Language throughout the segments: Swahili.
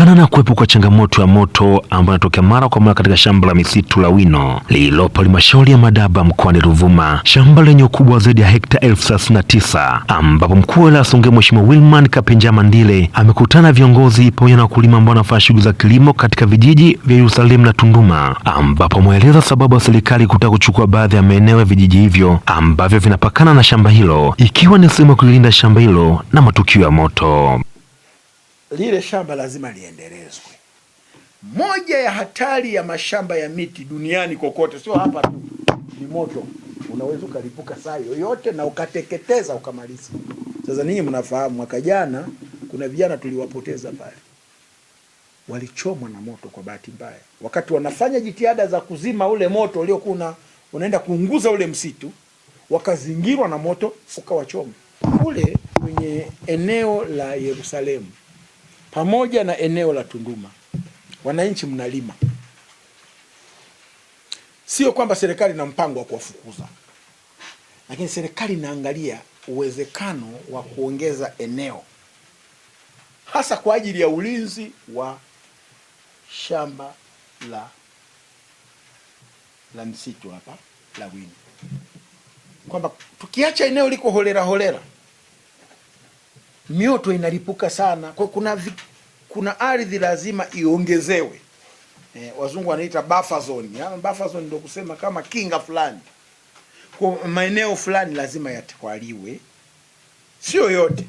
Kutokana na kuwepo kwa changamoto ya moto ambayo inatokea mara kwa mara katika shamba la misitu la Wino lililopo halmashauri ya Madaba mkoani Ruvuma, shamba lenye ukubwa zaidi ya hekta elfu thelathini na tisa ambapo mkuu wa wilaya Songea Mheshimiwa Wilman kapenja Mandile amekutana viongozi pamoja na wakulima ambao wanafanya shughuli za kilimo katika vijiji vya Yerusalemu na Tunduma, ambapo ameeleza sababu ya serikali kutaka kuchukua baadhi ya maeneo ya vijiji hivyo ambavyo vinapakana na shamba hilo, ikiwa ni sehemu ya kulilinda shamba hilo na matukio ya moto lile shamba lazima liendelezwe. Moja ya hatari ya mashamba ya miti duniani kokote, sio hapa tu, ni moto. Unaweza ukalipuka saa yoyote na ukateketeza ukamaliza. Sasa ninyi mnafahamu, mwaka jana kuna vijana tuliwapoteza pale, walichomwa na moto kwa bahati mbaya, wakati wanafanya jitihada za kuzima ule moto uliokuwa unaenda kuunguza ule msitu, wakazingirwa na moto ukawachoma kule kwenye eneo la Yerusalemu pamoja na eneo la Tunduma. Wananchi mnalima, sio kwamba serikali ina mpango wa kuwafukuza, lakini serikali inaangalia uwezekano wa kuongeza eneo hasa kwa ajili ya ulinzi wa shamba la la msitu hapa la Wini, kwamba tukiacha eneo liko holela holela mioto inalipuka sana, kwa kuna vi, kuna ardhi lazima iongezewe e, wazungu wanaita buffer zone. ya buffer zone ndio kusema kama kinga fulani, kwa maeneo fulani lazima yatwaliwe, sio yote.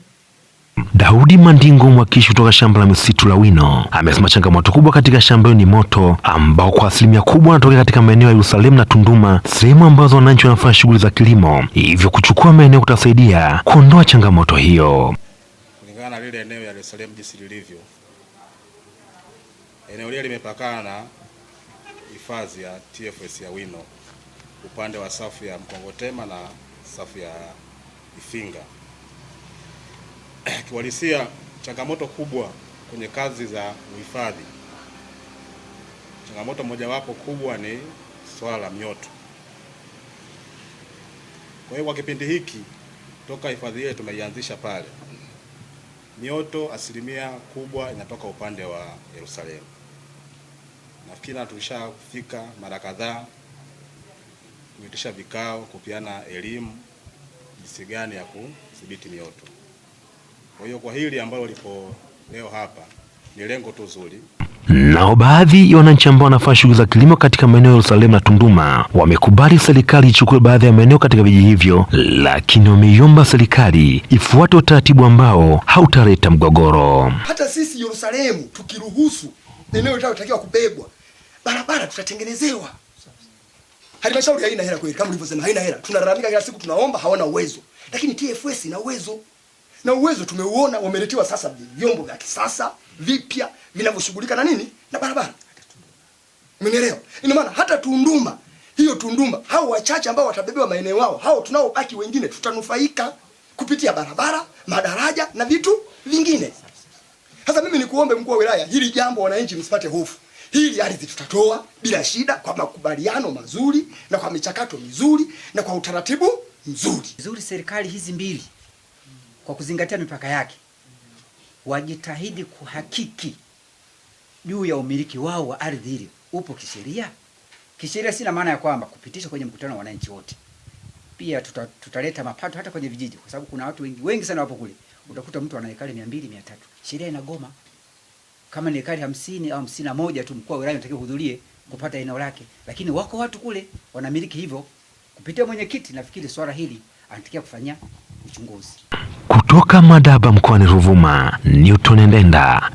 Daudi Mandingo mwakilishi kutoka shamba la misitu la Wino, amesema changamoto kubwa katika shamba hilo ni moto ambao kwa asilimia kubwa wanatokea katika maeneo ya Yerusalemu na Tunduma, sehemu ambazo wananchi wanafanya shughuli za kilimo, hivyo kuchukua maeneo kutasaidia kuondoa changamoto hiyo lile eneo ya Dar es Salaam jinsi lilivyo. Eneo lile limepakana na hifadhi ya TFS ya Wino upande wa safu ya Mkongotema na safu ya Ifinga. kiwalisia changamoto kubwa kwenye kazi za uhifadhi, changamoto mojawapo kubwa ni swala la mioto. Kwa hiyo kwa kipindi hiki toka hifadhi ile tumeianzisha pale mioto asilimia kubwa inatoka upande wa Yerusalemu. Nafikiri tulishafika mara kadhaa kuitisha vikao, kupiana elimu jinsi gani ya kudhibiti mioto. Kwa hiyo kwa hili ambalo lipo leo hapa ni lengo tu zuri. Nao baadhi ya wananchi ambao wanafanya shughuli za kilimo katika maeneo ya Yerusalemu na Tunduma wamekubali serikali ichukue baadhi ya maeneo katika vijiji hivyo, lakini wameiomba serikali ifuate utaratibu ambao hautaleta mgogoro. Hata sisi Yerusalemu tukiruhusu eneo linalotakiwa kubebwa, barabara tutatengenezewa. Halmashauri haina hela kweli, kama ulivyosema, haina hela. Tunalalamika kila siku, tunaomba, hawana uwezo, lakini TFS ina uwezo na uwezo tumeuona, wameletewa sasa vyombo vya kisasa vipya vinavyoshughulika na nini na barabara. Umenielewa? Ina maana hata Tunduma hiyo Tunduma, hao wachache ambao watabebewa maeneo yao, hao tunaobaki wengine tutanufaika kupitia barabara, madaraja na vitu vingine. Sasa mimi nikuombe mkuu wa wilaya, hili jambo wananchi msipate hofu. Hili ardhi tutatoa bila shida, kwa makubaliano mazuri na kwa michakato mizuri na kwa utaratibu mzuri. Mzuri serikali hizi mbili kwa kuzingatia mipaka yake wajitahidi kuhakiki juu ya umiliki wao wa ardhi ile upo kisheria. Kisheria sina maana ya kwamba kupitisha kwenye mkutano wa wananchi wote, pia tuta, tutaleta mapato hata kwenye vijiji, kwa sababu kuna watu wengi wengi sana wapo kule, utakuta mtu ana ekari 200 300, mia tatu sheria inagoma. Kama ni ekari 50 au 51 tu, mkuu wa wilaya unatakiwa kuhudhurie kupata eneo lake, lakini wako watu kule wanamiliki hivyo. Kupitia mwenyekiti, nafikiri swala hili anatakiwa kufanya uchunguzi. Kutoka Madaba mkoani Ruvuma, Newton Ndenda.